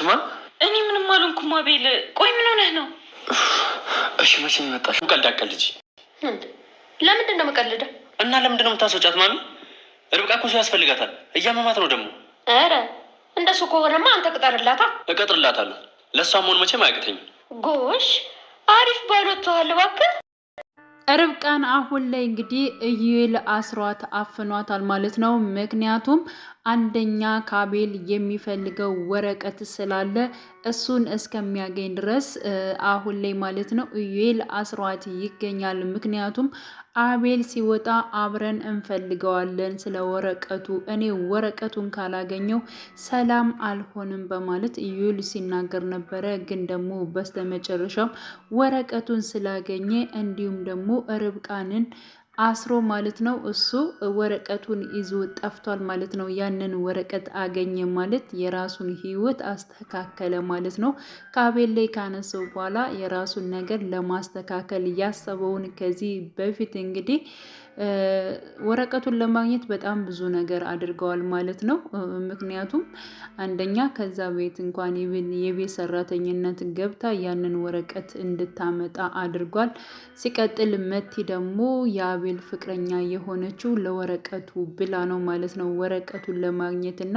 አልሰማሽማ? እኔ ምንም አልሆንኩም አቤል። ቆይ ምን ሆነህ ነው? እሺ መቼ ነው የመጣሽው? ቀልድ አቀልጂ። ለምንድን ነው መቀልደ? እና ለምንድን ነው የምታስወጫት? ማሚ ርብቃ እኮ ሰው ያስፈልጋታል። እያመማት ነው ደግሞ። ኧረ እንደሱ ከሆነማ አንተ ቅጠርላታ። እቀጥርላታለሁ። ለእሷ መሆን መቼም አያቅተኝም። ጎሽ አሪፍ ባሎተዋል እባክህ። ርብቃን አሁን ላይ እንግዲህ እዩኤል አስሯት አፍኗታል ማለት ነው። ምክንያቱም አንደኛ ካቤል የሚፈልገው ወረቀት ስላለ እሱን እስከሚያገኝ ድረስ አሁን ላይ ማለት ነው ኢዩኤል አስሯት ይገኛል። ምክንያቱም አቤል ሲወጣ አብረን እንፈልገዋለን ስለ ወረቀቱ፣ እኔ ወረቀቱን ካላገኘው ሰላም አልሆንም በማለት ኢዩኤል ሲናገር ነበረ። ግን ደግሞ በስተመጨረሻም ወረቀቱን ስላገኘ እንዲሁም ደግሞ ርብቃንን አስሮ ማለት ነው እሱ ወረቀቱን ይዞ ጠፍቷል ማለት ነው። ያንን ወረቀት አገኘ ማለት የራሱን ህይወት አስተካከለ ማለት ነው። ከአቤል ላይ ካነሰው በኋላ የራሱን ነገር ለማስተካከል እያሰበውን ከዚህ በፊት እንግዲህ ወረቀቱን ለማግኘት በጣም ብዙ ነገር አድርገዋል ማለት ነው። ምክንያቱም አንደኛ ከዛ ቤት እንኳን የቤት ሰራተኝነት ገብታ ያንን ወረቀት እንድታመጣ አድርጓል። ሲቀጥል መቲ ደግሞ የአቤል ፍቅረኛ የሆነችው ለወረቀቱ ብላ ነው ማለት ነው። ወረቀቱን ለማግኘት እና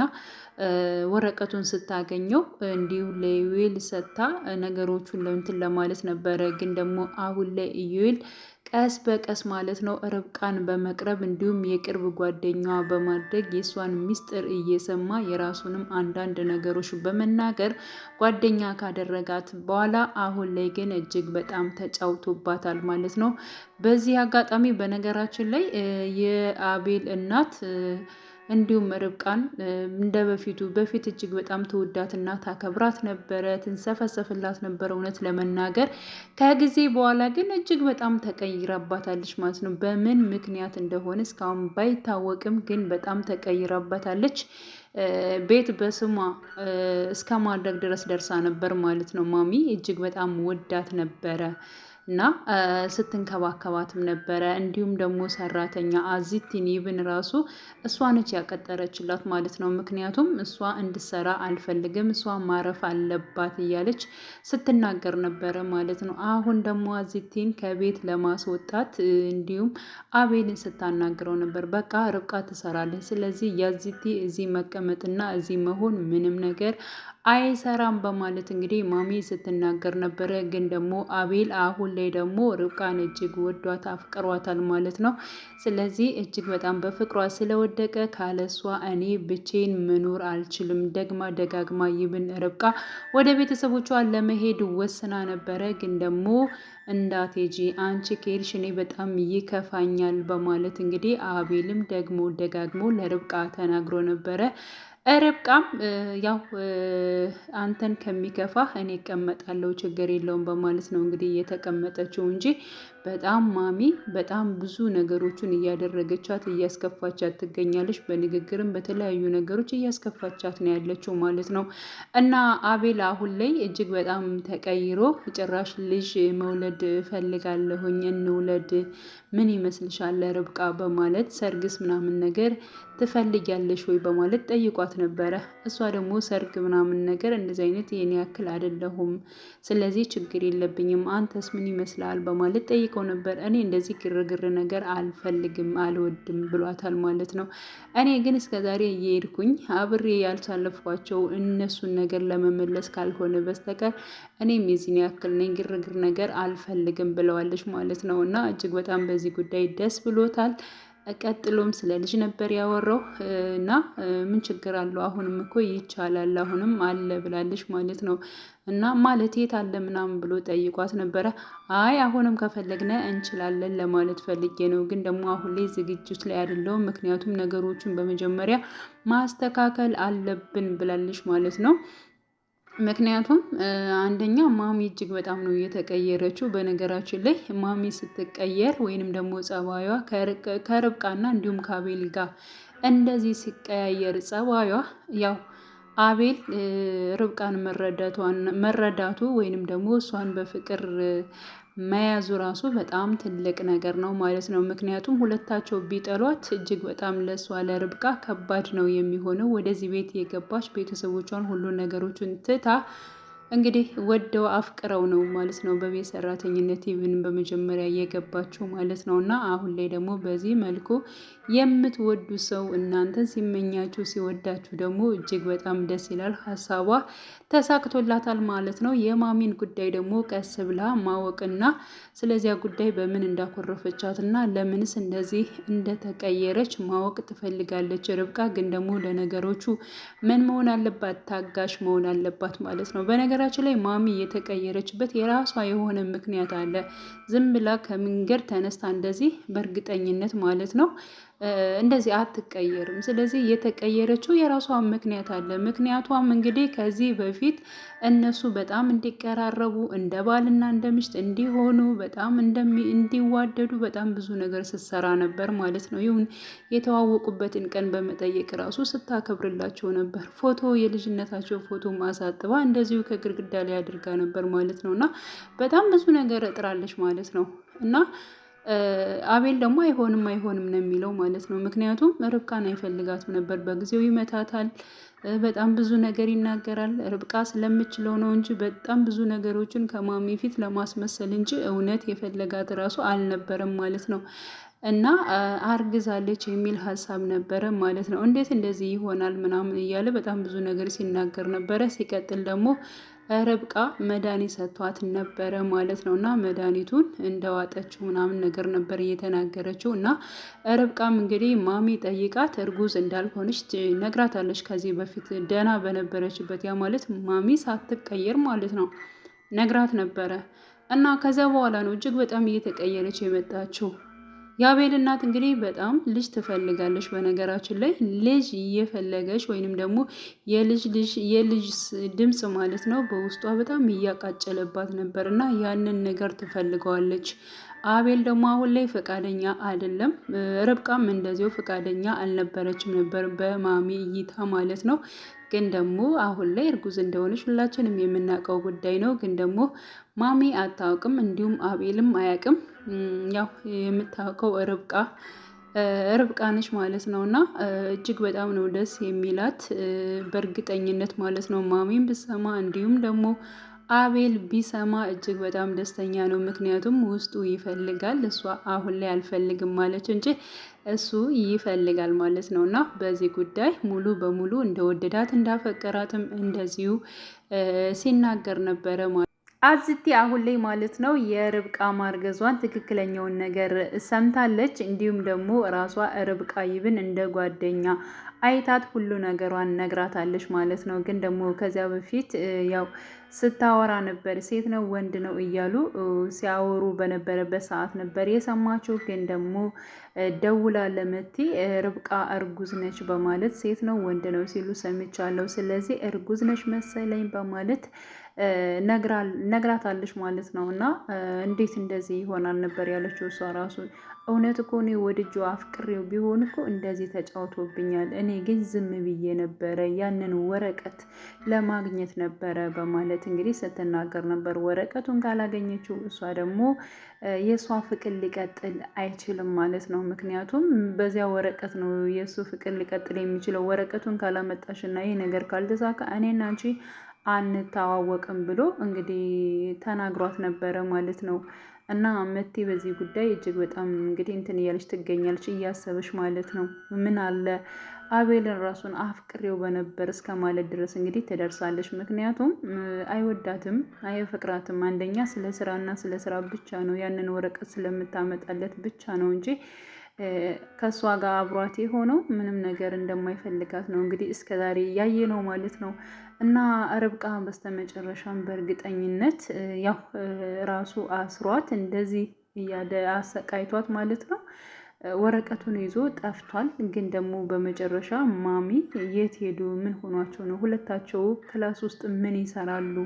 ወረቀቱን ስታገኘው እንዲሁ ለዩዌል ሰታ ነገሮቹን ለምትን ለማለት ነበረ። ግን ደግሞ አሁን ላይ ዩዌል ቀስ በቀስ ማለት ነው ርብቃን በመቅረብ እንዲሁም የቅርብ ጓደኛዋ በማድረግ የእሷን ሚስጥር እየሰማ የራሱንም አንዳንድ ነገሮች በመናገር ጓደኛ ካደረጋት በኋላ አሁን ላይ ግን እጅግ በጣም ተጫውቶባታል ማለት ነው። በዚህ አጋጣሚ በነገራችን ላይ የአቤል እናት እንዲሁም ርብቃን እንደ በፊቱ በፊት እጅግ በጣም ትወዳትና ታከብራት ነበረ፣ ትንሰፈሰፍላት ነበረ። እውነት ለመናገር ከጊዜ በኋላ ግን እጅግ በጣም ተቀይራባታለች ማለት ነው። በምን ምክንያት እንደሆነ እስካሁን ባይታወቅም ግን በጣም ተቀይራባታለች። ቤት በስሟ እስከ ማድረግ ድረስ ደርሳ ነበር ማለት ነው። ማሚ እጅግ በጣም ወዳት ነበረ። እና ስትንከባከባትም ነበረ። እንዲሁም ደግሞ ሰራተኛ አዚቲን ይብን ራሱ እሷ ነች ያቀጠረችላት ማለት ነው። ምክንያቱም እሷ እንድሰራ አልፈልግም፣ እሷ ማረፍ አለባት እያለች ስትናገር ነበረ ማለት ነው። አሁን ደግሞ አዚቲን ከቤት ለማስወጣት እንዲሁም አቤልን ስታናግረው ነበር። በቃ ርብቃ ትሰራለች። ስለዚህ የአዚቲ እዚህ መቀመጥና እዚህ መሆን ምንም ነገር አይሰራም በማለት እንግዲህ ማሚ ስትናገር ነበረ። ግን ደግሞ አቤል አሁን ላይ ደግሞ ርብቃን እጅግ ወዷት አፍቅሯታል ማለት ነው። ስለዚህ እጅግ በጣም በፍቅሯ ስለወደቀ ካለሷ እኔ ብቼን መኖር አልችልም፣ ደግማ ደጋግማ ይብን ርብቃ ወደ ቤተሰቦቿ ለመሄድ ወስና ነበረ ግን ደግሞ እንዳትሄጂ አንቺ ከሄድሽ እኔ በጣም ይከፋኛል በማለት እንግዲህ አቤልም ደግሞ ደጋግሞ ለርብቃ ተናግሮ ነበረ። ርብቃም ያው አንተን ከሚከፋ እኔ እቀመጣለሁ ችግር የለውም በማለት ነው እንግዲህ እየተቀመጠችው እንጂ በጣም ማሚ በጣም ብዙ ነገሮችን እያደረገቻት እያስከፋቻት ትገኛለች። በንግግርም በተለያዩ ነገሮች እያስከፋቻት ነው ያለችው ማለት ነው። እና አቤል አሁን ላይ እጅግ በጣም ተቀይሮ ጭራሽ ልጅ መውለድ እፈልጋለሁኝ እንውለድ፣ ምን ይመስልሻል ርብቃ በማለት ሰርግስ ምናምን ነገር ትፈልጊያለሽ ወይ በማለት ጠይቋት ነበረ። እሷ ደግሞ ሰርግ ምናምን ነገር እንደዚህ አይነት ይህን ያክል አይደለሁም፣ ስለዚህ ችግር የለብኝም፣ አንተስ ምን ይመስላል በማለት ጠይቃ ጠይቀው ነበር። እኔ እንደዚህ ግርግር ነገር አልፈልግም አልወድም ብሏታል ማለት ነው። እኔ ግን እስከዛሬ እየሄድኩኝ አብሬ ያልሳለፍኳቸው እነሱን ነገር ለመመለስ ካልሆነ በስተቀር እኔም የዚህን ያክል ነኝ ግርግር ነገር አልፈልግም ብለዋለች ማለት ነው። እና እጅግ በጣም በዚህ ጉዳይ ደስ ብሎታል። ቀጥሎም ስለ ልጅ ነበር ያወራው እና ምን ችግር አለው? አሁንም እኮ ይቻላል፣ አሁንም አለ ብላለች ማለት ነው። እና ማለት የት አለ ምናምን ብሎ ጠይቋት ነበረ። አይ አሁንም ከፈለግነ እንችላለን ለማለት ፈልጌ ነው፣ ግን ደግሞ አሁን ላይ ዝግጅት ላይ አይደለሁም፣ ምክንያቱም ነገሮችን በመጀመሪያ ማስተካከል አለብን ብላለች ማለት ነው። ምክንያቱም አንደኛ ማሚ እጅግ በጣም ነው የተቀየረችው። በነገራችን ላይ ማሚ ስትቀየር ወይንም ደግሞ ጸባዩዋ ከርብቃና እንዲሁም ከአቤል ጋር እንደዚህ ሲቀያየር ጸባዩዋ ያው አቤል ርብቃን መረዳቱ ወይንም ደግሞ እሷን በፍቅር መያዙ ራሱ በጣም ትልቅ ነገር ነው ማለት ነው። ምክንያቱም ሁለታቸው ቢጠሏት እጅግ በጣም ለሷ ለርብቃ ከባድ ነው የሚሆነው። ወደዚህ ቤት የገባች ቤተሰቦቿን ሁሉ ነገሮችን ትታ እንግዲህ ወደው አፍቅረው ነው ማለት ነው በቤት ሰራተኝነት ይብን በመጀመሪያ እየገባችው ማለት ነው። እና አሁን ላይ ደግሞ በዚህ መልኩ የምትወዱ ሰው እናንተ ሲመኛችሁ ሲወዳችሁ ደግሞ እጅግ በጣም ደስ ይላል። ሀሳቧ ተሳክቶላታል ማለት ነው። የማሚን ጉዳይ ደግሞ ቀስ ብላ ማወቅና ስለዚያ ጉዳይ በምን እንዳኮረፈቻት እና ለምንስ እንደዚህ እንደተቀየረች ማወቅ ትፈልጋለች። ርብቃ ግን ደግሞ ለነገሮቹ ምን መሆን አለባት? ታጋሽ መሆን አለባት ማለት ነው። በነገራ በነገራችን ላይ ማሚ የተቀየረችበት የራሷ የሆነ ምክንያት አለ። ዝም ብላ ከመንገድ ተነስታ እንደዚህ በእርግጠኝነት ማለት ነው እንደዚህ አትቀየርም። ስለዚህ የተቀየረችው የራሷ ምክንያት አለ። ምክንያቷም እንግዲህ ከዚህ በፊት እነሱ በጣም እንዲቀራረቡ እንደ ባልና እንደ ምሽት እንዲሆኑ በጣም እንዲዋደዱ በጣም ብዙ ነገር ስትሰራ ነበር ማለት ነው። ይሁን የተዋወቁበትን ቀን በመጠየቅ ራሱ ስታከብርላቸው ነበር። ፎቶ የልጅነታቸው ፎቶ ማሳጥባ እንደዚሁ ከግድግዳ ላይ አድርጋ ነበር ማለት ነው እና በጣም ብዙ ነገር እጥራለች ማለት ነው እና አቤል ደግሞ አይሆንም አይሆንም ነው የሚለው ማለት ነው። ምክንያቱም ርብቃን አይፈልጋትም ነበር። በጊዜው ይመታታል፣ በጣም ብዙ ነገር ይናገራል። ርብቃ ስለምችለው ነው እንጂ በጣም ብዙ ነገሮችን ከማሚ ፊት ለማስመሰል እንጂ እውነት የፈለጋት እራሱ አልነበረም ማለት ነው። እና አርግዛለች የሚል ሀሳብ ነበረ ማለት ነው። እንዴት እንደዚህ ይሆናል ምናምን እያለ በጣም ብዙ ነገር ሲናገር ነበረ። ሲቀጥል ደግሞ ርብቃ መድኃኒት ሰጥቷት ነበረ ማለት ነው። እና መድኃኒቱን እንደዋጠችው ምናምን ነገር ነበር እየተናገረችው እና ርብቃም እንግዲህ ማሚ ጠይቃት እርጉዝ እንዳልሆነች ነግራታለች። ከዚህ በፊት ደህና በነበረችበት ያ ማለት ማሚ ሳትቀየር ማለት ነው ነግራት ነበረ። እና ከዚያ በኋላ ነው እጅግ በጣም እየተቀየረች የመጣችው። የአቤል እናት እንግዲህ በጣም ልጅ ትፈልጋለች። በነገራችን ላይ ልጅ እየፈለገች ወይንም ደግሞ የልጅ ልጅ የልጅ ድምፅ ማለት ነው በውስጧ በጣም እያቃጨለባት ነበር እና ያንን ነገር ትፈልገዋለች። አቤል ደግሞ አሁን ላይ ፈቃደኛ አይደለም። ርብቃም እንደዚሁ ፈቃደኛ አልነበረችም ነበር በማሚ እይታ ማለት ነው። ግን ደግሞ አሁን ላይ እርጉዝ እንደሆነች ሁላችንም የምናውቀው ጉዳይ ነው። ግን ደግሞ ማሚ አታውቅም፣ እንዲሁም አቤልም አያውቅም። ያው የምታውቀው ርብቃ ርብቃ ነች ማለት ነው። እና እጅግ በጣም ነው ደስ የሚላት በእርግጠኝነት ማለት ነው። ማሚም ብሰማ እንዲሁም ደግሞ አቤል ቢሰማ እጅግ በጣም ደስተኛ ነው። ምክንያቱም ውስጡ ይፈልጋል። እሷ አሁን ላይ አልፈልግም ማለች እንጂ እሱ ይፈልጋል ማለት ነው። እና በዚህ ጉዳይ ሙሉ በሙሉ እንደወደዳት እንዳፈቀራትም እንደዚሁ ሲናገር ነበረ ማለት አዝቲ አሁን ላይ ማለት ነው የርብቃ ማርገዟን ትክክለኛውን ነገር ሰምታለች። እንዲሁም ደግሞ ራሷ ርብቃ ይብን እንደ ጓደኛ አይታት ሁሉ ነገሯን ነግራታለች ማለት ነው። ግን ደግሞ ከዚያ በፊት ያው ስታወራ ነበር። ሴት ነው ወንድ ነው እያሉ ሲያወሩ በነበረበት ሰዓት ነበር የሰማችው ግን ደግሞ ደውላ ለመቲ ርብቃ እርጉዝ ነች በማለት ሴት ነው ወንድ ነው ሲሉ ሰምቻለሁ። ስለዚህ እርጉዝ ነች መሰለኝ በማለት ነግራታለች ማለት ነው። እና እንዴት እንደዚህ ይሆናል ነበር ያለችው እሷ ራሱ። እውነት እኮ እኔ ወድጆ አፍቅሬው ቢሆን እኮ እንደዚህ ተጫውቶብኛል። እኔ ግን ዝም ብዬ ነበረ ያንን ወረቀት ለማግኘት ነበረ በማለት እንግዲህ ስትናገር ነበር። ወረቀቱን ካላገኘችው እሷ ደግሞ የእሷ ፍቅር ሊቀጥል አይችልም ማለት ነው። ነው። ምክንያቱም በዚያ ወረቀት ነው የእሱ ፍቅር ሊቀጥል የሚችለው። ወረቀቱን ካላመጣሽ እና ይህ ነገር ካልተሳካ እኔና አንቺ አንታዋወቅም ብሎ እንግዲህ ተናግሯት ነበረ ማለት ነው። እና መቴ በዚህ ጉዳይ እጅግ በጣም እንግዲህ እንትን እያለች ትገኛለች፣ እያሰበች ማለት ነው። ምን አለ አቤልን ራሱን አፍቅሬው በነበር እስከ ማለት ድረስ እንግዲህ ትደርሳለች። ምክንያቱም አይወዳትም፣ አይፈቅራትም። አንደኛ ስለ ስራና ስለ ስራ ብቻ ነው ያንን ወረቀት ስለምታመጣለት ብቻ ነው እንጂ ከእሷ ጋር አብሯት የሆነው ምንም ነገር እንደማይፈልጋት ነው እንግዲህ እስከዛሬ እያየ ነው ማለት ነው። እና ርብቃ በስተመጨረሻም በእርግጠኝነት ያው ራሱ አስሯት እንደዚህ እያለ አሰቃይቷት ማለት ነው። ወረቀቱን ይዞ ጠፍቷል። ግን ደግሞ በመጨረሻ ማሚ የት ሄዱ? ምን ሆኗቸው ነው? ሁለታቸው ክላስ ውስጥ ምን ይሰራሉ?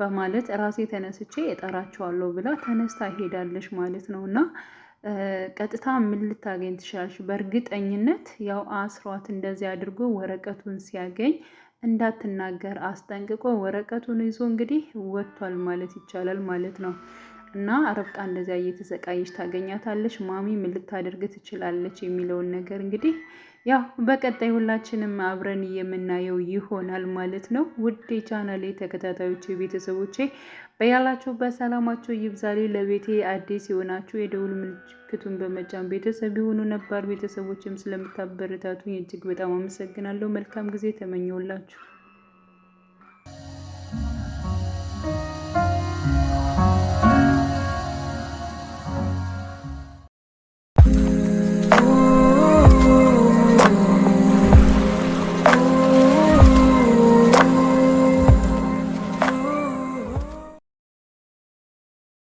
በማለት ራሴ ተነስቼ እጠራቸዋለሁ ብላ ተነስታ ሄዳለች ማለት ነው እና ቀጥታ ምን ልታገኝ ትችላለች? በእርግጠኝነት ያው አስሯት እንደዚህ አድርጎ ወረቀቱን ሲያገኝ እንዳትናገር አስጠንቅቆ ወረቀቱን ይዞ እንግዲህ ወጥቷል ማለት ይቻላል ማለት ነው። እና ርብቃ እንደዚያ እየተሰቃየች ታገኛታለች። ማሚ ምን ልታደርግ ትችላለች የሚለውን ነገር እንግዲህ ያው በቀጣይ ሁላችንም አብረን የምናየው ይሆናል ማለት ነው። ውድ የቻናሌ ተከታታዮች ቤተሰቦቼ በያላችሁ በሰላማቸው ይብዛሌ። ለቤቴ አዲስ የሆናችሁ የደውል ምልክቱን በመጫን ቤተሰብ የሆኑ ነባር ቤተሰቦችም ስለምታበረታቱኝ እጅግ በጣም አመሰግናለሁ። መልካም ጊዜ ተመኘውላችሁ።